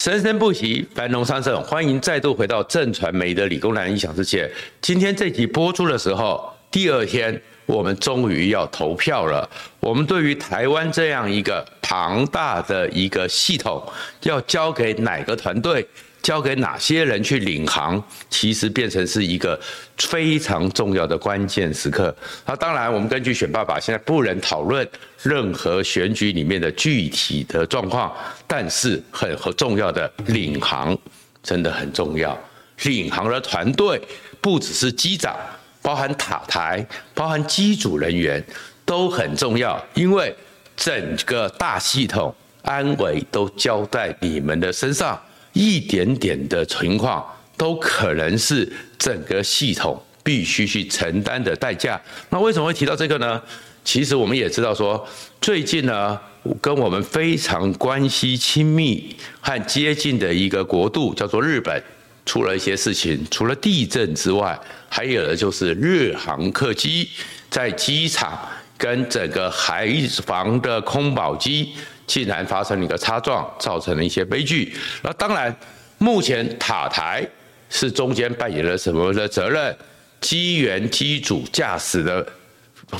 生生不息，繁榮昌盛。歡迎再度回到震傳媒的理工男異想世界。今天這集播出的時候，第二天我們終於要投票了。我們對於台灣這樣一個龐大的一個系統，要交給哪個團隊？交給哪些人去領航，其實變成是一個非常重要的關鍵時刻。那當然，我們根據選罷法現在不能討論任何選舉裡面的具體的狀況。但是，很重要的領航真的很重要。領航的團隊不只是機長，包含塔台、包含機組人員都很重要，因為整個大系統安危都交在你們的身上。一點點的情況都可能是整個系統必須去承擔的代價。那為什麼會提到這個呢？其實我們也知道說，最近呢，跟我們非常關係親密和接近的一個國度，叫做日本，出了一些事情。除了地震之外，還有的就是日航客機在機場跟整個海防的空保機。竟然發生了一個擦撞，造成了一些悲劇。那當然，目前塔台是中間扮演了什麼的責任？機員、機組、駕駛的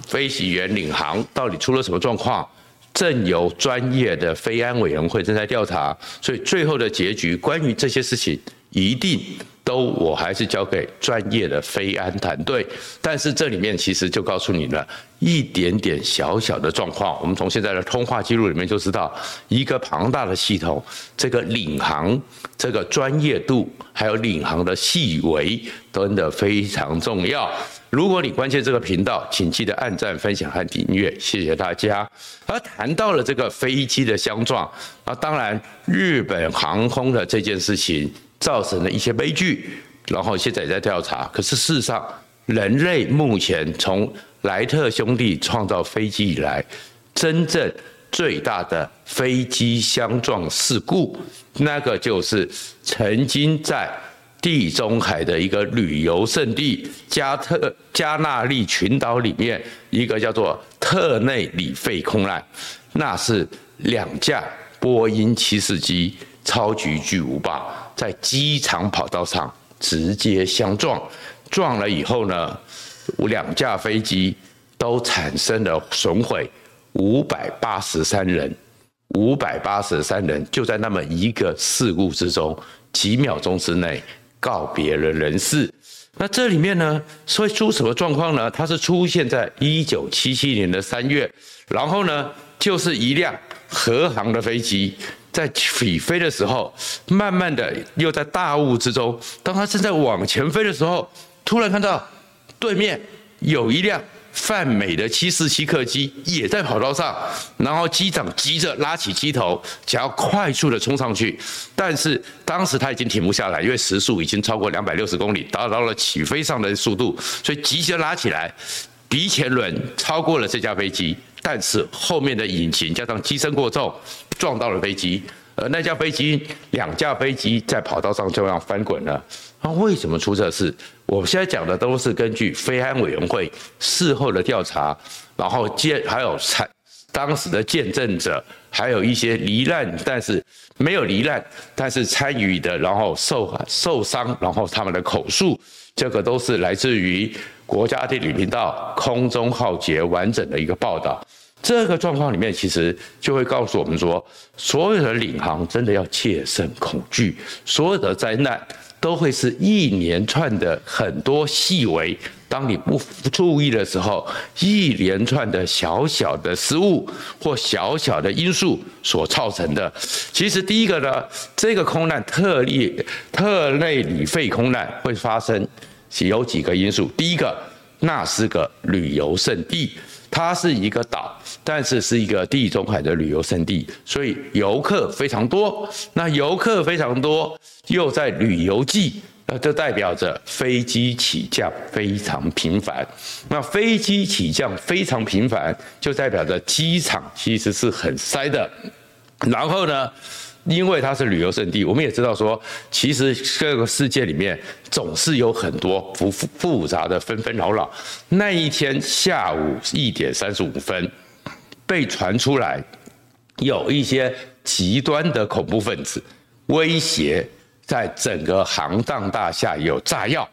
飛行員領航到底出了什麼狀況？正由專業的飛安委員會正在調查。所以最後的結局，關於這些事情，一定。都我還是交給專業的飛安團隊，但是這裡面其實就告訴你了一點點小小的狀況。我們從現在的通話記錄裡面就知道，一個龐大的系統，這個領航、這個專業度，還有領航的細微，都真的非常重要。如果你關切這個頻道，請記得按讚、分享和訂閱，謝謝大家。而談到了這個飛機的相撞，啊，當然日本航空的這件事情。造成了一些悲劇，然後現在也在調查。可是事實上，人類目前從萊特兄弟創造飛機以來，真正最大的飛機相撞事故，那個就是曾經在地中海的一個旅遊勝地加特、加納利群島裡面，一個叫做特內里費空難，那是兩架波音七四七超級巨無霸。在機場跑道上直接相撞，撞了以後呢，兩架飛機都產生了損毀，五百八十三人，五百八十三人就在那麼一個事故之中，幾秒鐘之內告別了人世。那這裡面呢，所以出什麼狀況呢？它是出現在一九七七年的三月，然後呢，就是一輛荷航的飛機。在起飛的時候，慢慢的又在大霧之中。當他正在往前飛的時候，突然看到對面有一輛泛美的747客機也在跑道上，然後機長急着拉起機頭，想要快速的衝上去，但是當時他已經停不下來，因為時速已經超過兩百六十公里，達到了起飛上的速度，所以急着拉起來，鼻前輪超過了這架飛機。但是後面的引擎加上機身過重，撞到了飛機，而那架飛機，兩架飛機在跑道上就這樣翻滾了啊。那為什麼出這事？我現在講的都是根據飛安委員會事後的調查，然後見還有參當時的見證者，還有一些罹難，但是沒有罹難，但是參與的，然後受受傷，然後他們的口述，這個都是來自於。國家地理頻道《空中浩劫》完整的一個報道，這個狀況裡面其實就會告訴我們說，所有的領航真的要切身恐懼，所有的災難都會是一連串的很多細微，當你不注意的時候，一連串的小小的失誤或小小的因素所造成的。其實第一個呢，這個空難特例特類理肺空難會發生。是有幾個因素，第一個，那是個旅遊勝地，它是一個島，但是是一個地中海的旅遊勝地，所以遊客非常多。那遊客非常多，又在旅遊季，那就代表着飛機起降非常頻繁。那飛機起降非常頻繁，就代表着機場其實是很塞的。然後呢？因為它是旅遊勝地，我們也知道說，其實這個世界裡面總是有很多復複雜的紛紛擾擾。那一天下午一點三十五分，被傳出來有一些極端的恐怖分子威脅，在整個航站大廈有炸藥。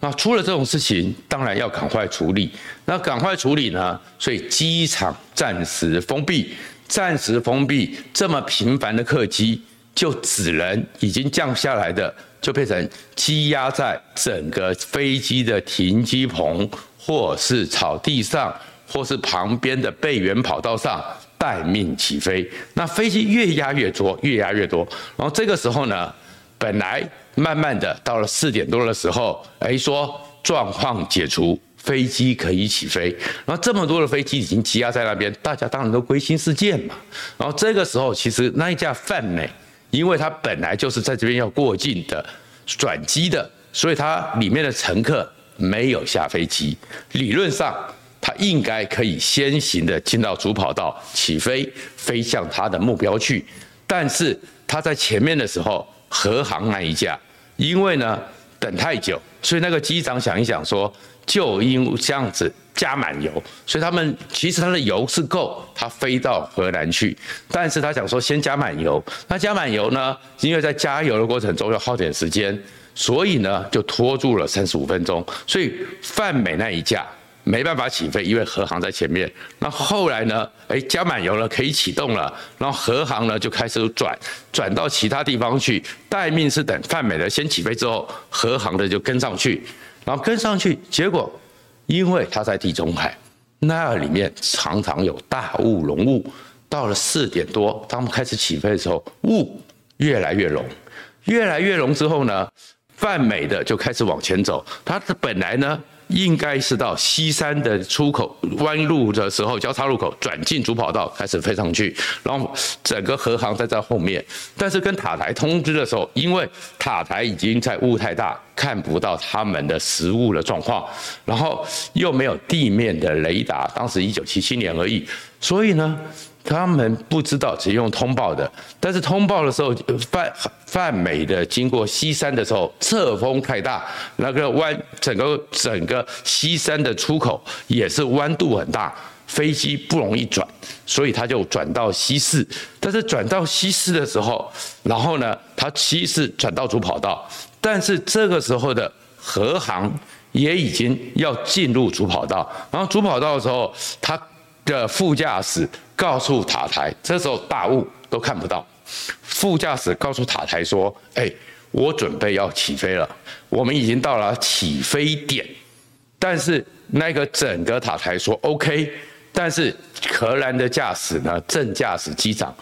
那出了這種事情，當然要趕快處理。那趕快處理呢？所以機場暫時封閉。暫時封閉這麼頻繁的客機，就只能已經降下來的就變成積壓在整個飛機的停機棚，或是草地上，或是旁邊的備援跑道上待命起飛。那飛機越壓越多，越壓越多。然後這個時候呢，本來慢慢的到了四點多的時候，哎說狀況解除。飛機可以起飛，然後這麼多的飛機已經積壓在那邊，大家當然都歸心似箭嘛。然後這個時候，其實那一架泛美，因為它本來就是在這邊要過境的轉機的，所以它裡面的乘客沒有下飛機。理論上，它應該可以先行的進到主跑道起飛，飛向它的目標去。但是它在前面的時候，荷航那一架，因為呢等太久，所以那個機長想一想說。就因為這樣子加滿油，所以他們其實他的油是夠，他飛到荷蘭去。但是他想說先加滿油，那加滿油呢，因為在加油的過程中要耗點時間，所以呢就拖住了三十五分鐘。所以泛美那一架沒辦法起飛，因為荷航在前面。那後來呢，哎，加滿油了可以啟動了，然後荷航呢就開始轉，轉到其他地方去待命，是等泛美的先起飛之後，荷航的就跟上去。然後跟上去，結果因為它在地中海，那裡面常常有大霧濃霧。到了四點多，當他們開始起飛的時候，霧越來越濃，越來越濃之後呢，泛美的就開始往前走。它本來呢。應該是到西山的出口彎路的時候，交叉路口轉進主跑道開始飛上去，然後整個荷航在這後面。但是跟塔台通知的時候，因為塔台已經在霧太大看不到他們的實物的狀況，然後又沒有地面的雷達，當時一九七七年而已，所以呢。他們不知道只用通報的，但是通報的時候，泛泛美的經過西山的時候，側風太大，那個彎整個整個西山的出口也是彎度很大，飛機不容易轉，所以他就轉到西四。但是轉到西四的時候，然後呢，他西四轉到主跑道，但是這個時候的荷航也已經要進入主跑道，然後主跑道的時候，他的副駕駛。告訴塔台，這時候大霧都看不到。副駕駛告訴塔台說：“哎、欸，我準備要起飛了，我們已經到了起飛點。”但是那個整個塔台說：“OK。”但是荷蘭的駕駛呢，正駕駛機長。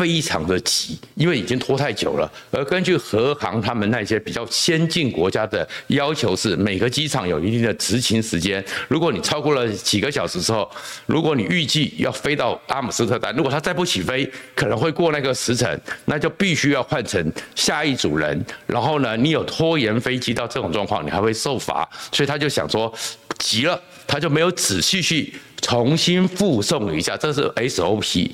非常的急，因為已經拖太久了。而根據荷航他們那些比較先進國家的要求是，每個機場有一定的執勤時間。如果你超過了幾個小時之後，如果你預計要飛到阿姆斯特丹，如果他再不起飛，可能會過那個時辰，那就必須要換成下一組人。然後呢，你有拖延飛機到這種狀況，你還會受罰。所以他就想說，急了。他就沒有仔細去重新複誦一下，這是 SOP，SOP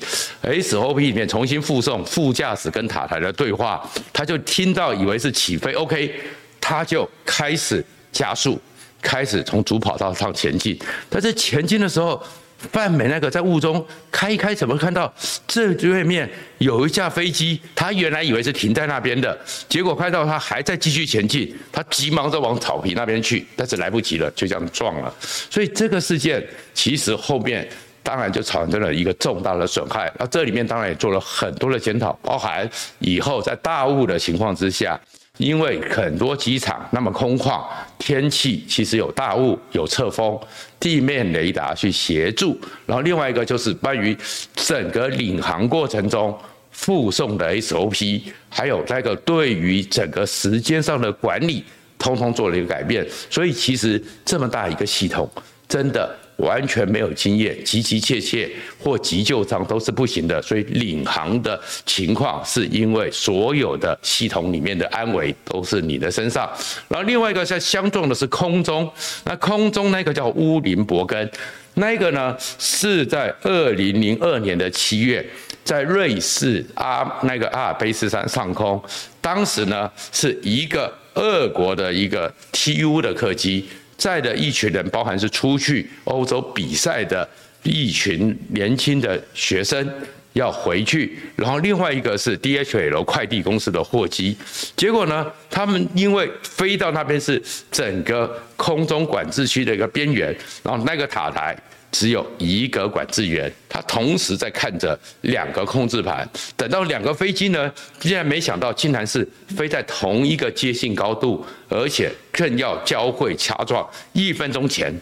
裡面重新複誦副駕駛跟塔台的對話，他就聽到以為是起飛，OK，他就開始加速，開始從主跑道上前進，但是前進的時候。泛美那個在霧中開一開，怎麼看到這對面有一架飛機？他原來以為是停在那邊的，結果看到他還在繼續前進，他急忙着往草皮那邊去，但是來不及了，就這樣撞了。所以這個事件其實後面當然就產生了一個重大的損害。那這裡面當然也做了很多的檢討，包含以後在大霧的情況之下。因為很多機場那麼空曠，天氣其實有大霧、有側風，地面雷達去協助。然後另外一個就是關於整個領航過程中附送的 SOP，還有那個對於整個時間上的管理，通通做了一個改變。所以其實這麼大一個系統，真的。完全沒有經驗，急急切切或急救上都是不行的。所以領航的情況是因為所有的系統裡面的安危都是你的身上。然後另外一個在相撞的是空中，那空中那個叫烏林伯根，那個呢是在二零零二年的七月，在瑞士阿那個阿爾卑斯山上空，當時呢是一個俄國的一個 T U 的客機。在的一群人，包含是出去歐洲比賽的一群年輕的學生，要回去，然後另外一個是 DHL 快遞公司的貨機，結果呢，他們因為飛到那邊是整個空中管制區的一個邊緣，然後那個塔台。只有一個管制員，他同時在看着兩個控制盤。等到兩個飛機呢，竟然沒想到，竟然是飛在同一個接近高度，而且更要交匯掐撞。一分鐘前，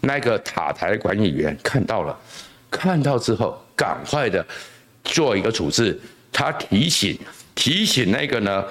那個塔台管理員看到了，看到之後趕快的做一個處置。他提醒，提醒那個呢，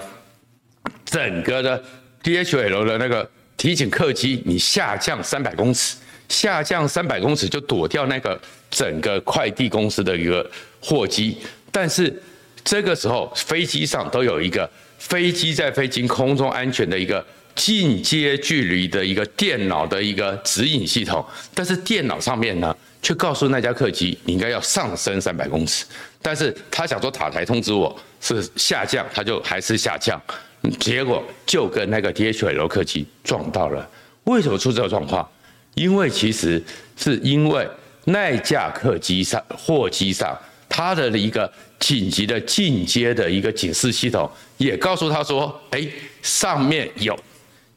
整個的 DHL 樓的那個提醒客機，你下降三百公尺。下降三百公尺就躲掉那個整個快遞公司的一個貨機，但是這個時候飛機上都有一個飛機在飛行空中安全的一個近接距離的一個電腦的一個指引系統，但是電腦上面呢卻告訴那架客機你應該要上升三百公尺，但是他想說塔台通知我是下降，他就還是下降，結果就跟那個 DHL 客機撞到了，為什麼出這個狀況？因為其實是因為那架客機上貨機上，它的一個緊急的進階的一個警示系統，也告訴他說，哎，上面有，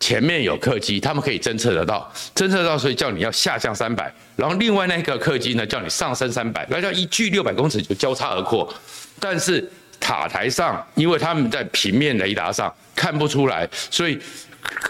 前面有客機，他們可以偵測得到，偵測到，所以叫你要下降三百，然後另外那個客機呢叫你上升三百，那叫一距六百公尺就交叉而過，但是塔台上因為他們在平面雷達上看不出來，所以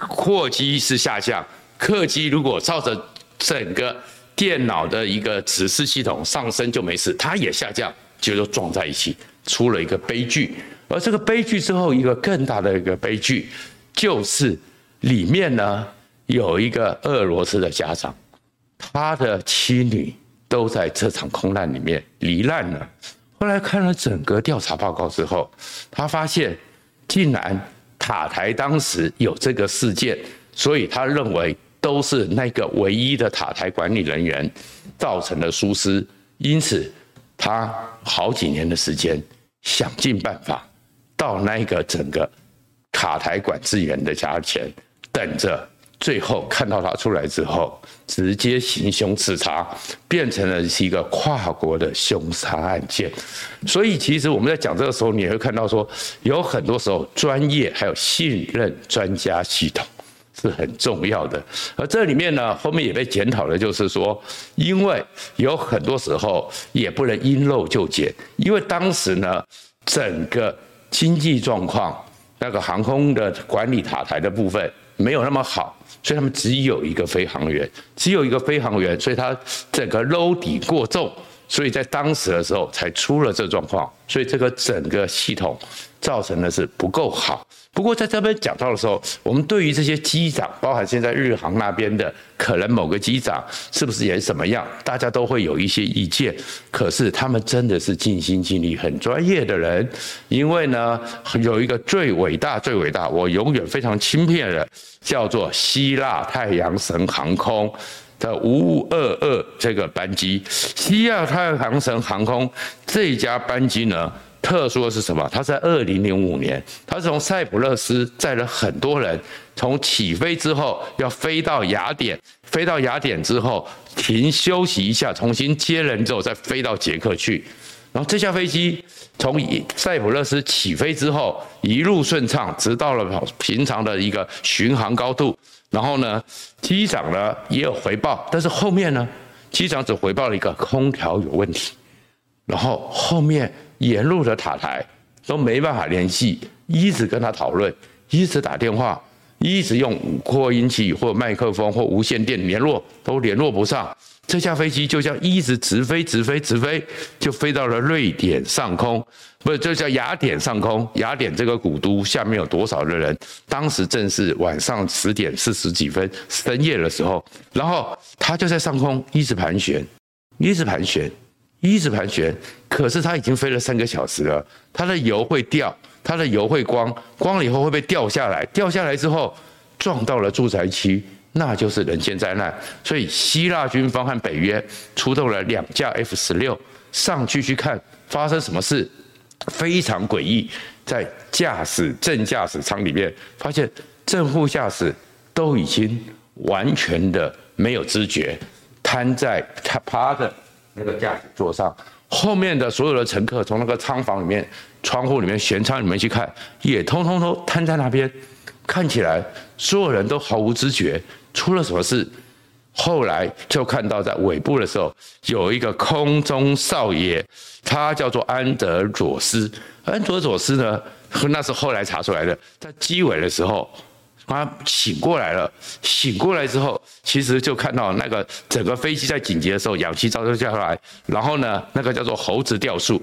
貨機是下降。客機如果照着整個電腦的一個指示系統上升就沒事，它也下降，就撞在一起，出了一個悲劇。而這個悲劇之後，一個更大的一個悲劇，就是裡面呢有一個俄羅斯的家長，他的妻女都在這場空難裡面罹難了。後來看了整個調查報告之後，他發現竟然塔台當時有這個事件，所以他認為。都是那個唯一的塔台管理人員造成的疏失，因此他好幾年的時間想盡辦法到那個整個塔台管制員的家前等着，最後看到他出來之後，直接行兇刺殺，變成了是一個跨國的兇殺案件。所以其實我們在講這個時候，你也會看到說，有很多時候專業還有信任專家系統。是很重要的，而這裡面呢，後面也被檢討了，就是說，因為有很多時候也不能因陋就簡，因為當時呢，整個經濟狀況那個航空的管理塔台的部分沒有那麼好，所以他們只有一個飛行員，只有一個飛行員，所以他整個漏底過重。所以在當時的時候才出了這狀況，所以這個整個系統造成的是不夠好。不過在這邊講到的時候，我們對於這些機長，包含現在日航那邊的，可能某個機長是不是也什麼樣，大家都會有一些意見。可是他們真的是盡心盡力、很專業的人，因為呢，有一個最偉大、最偉大，我永遠非常欽佩的人，叫做希臘太陽神航空的五五二二這個班機，西亞太陽航程航空這一家班機呢，特殊的是什麼？它在二零零五年，它是從塞浦路斯載了很多人，從起飛之後要飛到雅典，飛到雅典之後停休息一下，重新接人之後再飛到捷克去。然後這架飛機從塞浦路斯起飛之後一路順暢，直到了平常的一個巡航高度。然後呢，機長呢也有回報，但是後面呢，機長只回報了一個空調有問題，然後後面沿路的塔台都沒辦法聯繫，一直跟他討論，一直打電話。一直用擴音器或麥克風或無線電聯絡，都聯絡不上。這架飛機就像一直直飛、直飛、直飛，就飛到了瑞典上空，不是，就叫雅典上空。雅典這個古都下面有多少的人？當時正是晚上十點四十幾分，深夜的時候。然後它就在上空一直盤旋，一直盤旋，一直盤旋。可是它已經飛了三個小時了，它的油會掉。它的油會光，光了以後會被掉下來，掉下來之後撞到了住宅區，那就是人間災難。所以希臘軍方和北約出動了兩架 F 十六上去去看發生什麼事，非常詭異，在駕駛正駕駛艙裡面發現正副駕駛都已經完全的沒有知覺，癱在他趴的那個駕駛座上。後面的所有的乘客從那個艙房裡面、窗戶裡面、舷窗裡面去看，也通通都癱在那邊，看起來所有人都毫無知覺，出了什麼事？後來就看到在尾部的時候有一個空中少爺，他叫做安德佐斯。安德佐斯呢，那是後來查出來的，在機尾的時候。他醒過來了，醒過來之後，其實就看到那個整個飛機在緊急的時候，氧氣罩都掉下來。然後呢，那個叫做猴子吊樹，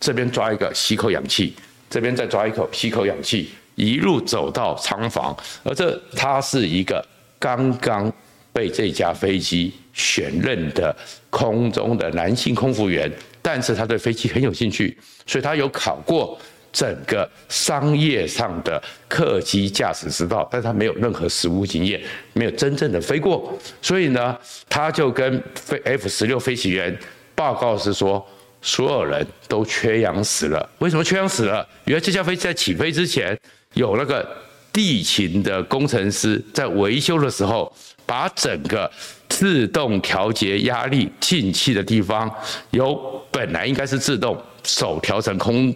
這邊抓一個吸口氧氣，這邊再抓一口吸口氧氣，一路走到艙房。而這他是一個剛剛被這架飛機選任的空中的男性空服員，但是他對飛機很有興趣，所以他有考過。整個商業上的客機駕駛執照，但是他沒有任何實務經驗，沒有真正的飛過，所以呢，他就跟飛 F 十六飛行員報告是說，所有人都缺氧死了。為什麼缺氧死了？原來這架飛機在起飛之前，有那個地勤的工程師在維修的時候，把整個自動調節壓力進氣的地方，由本來應該是自動。手調成空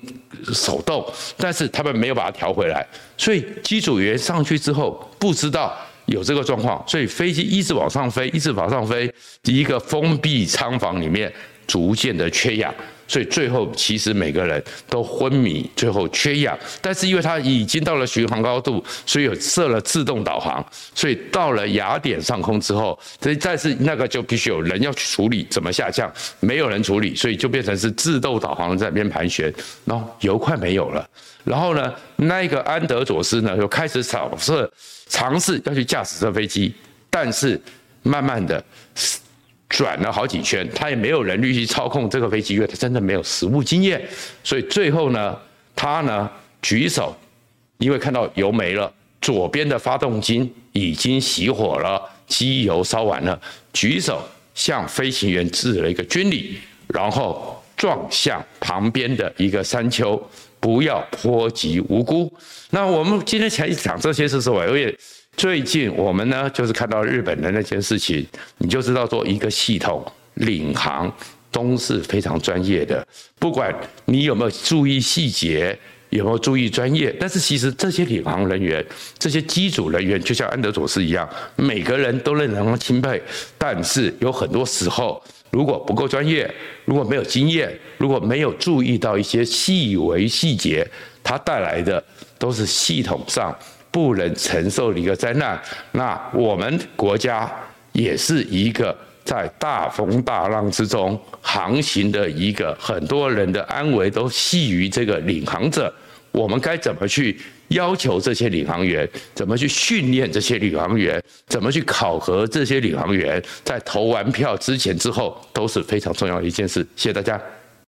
手動，但是他們沒有把它調回來，所以機組員上去之後不知道有這個狀況，所以飛機一直往上飛，一直往上飛，一個封閉艙房裡面逐漸的缺氧。所以最後其實每個人都昏迷，最後缺氧。但是因為它已經到了巡航高度，所以設了自動導航。所以到了雅典上空之後，所以再是那個就必須有人要去處理怎麼下降，沒有人處理，所以就變成是自動導航在那邊盤旋。然後油快沒有了，然後呢，那個安德佐斯呢又開始掃射，嘗試要去駕駛這飛機，但是慢慢的。轉了好幾圈，他也沒有人力去操控這個飛機，因為他真的沒有實務經驗，所以最後呢，他呢舉手，因為看到油沒了，左邊的發動機已經熄火了，機油燒完了，舉手向飛行員致了一個軍禮，然後撞向旁邊的一個山丘，不要波及無辜。那我們今天想一講想這些是什麼？因為最近我們呢，就是看到日本的那件事情，你就知道做一個系統領航都是非常專業的。不管你有沒有注意細節，有沒有注意專業，但是其實這些領航人員、這些機組人員，就像安德佐斯一樣，每個人都令人欽佩。但是有很多時候，如果不夠專業，如果沒有經驗，如果沒有注意到一些細微細節，它帶來的都是系統上。不能承受的一個災難，那我們國家也是一個在大風大浪之中航行的一個，很多人的安危都繫於這個領航者。我們該怎麼去要求這些領航員？怎麼去訓練這些領航員？怎麼去考核這些領航員？在投完票之前、之後都是非常重要的一件事。謝謝大家。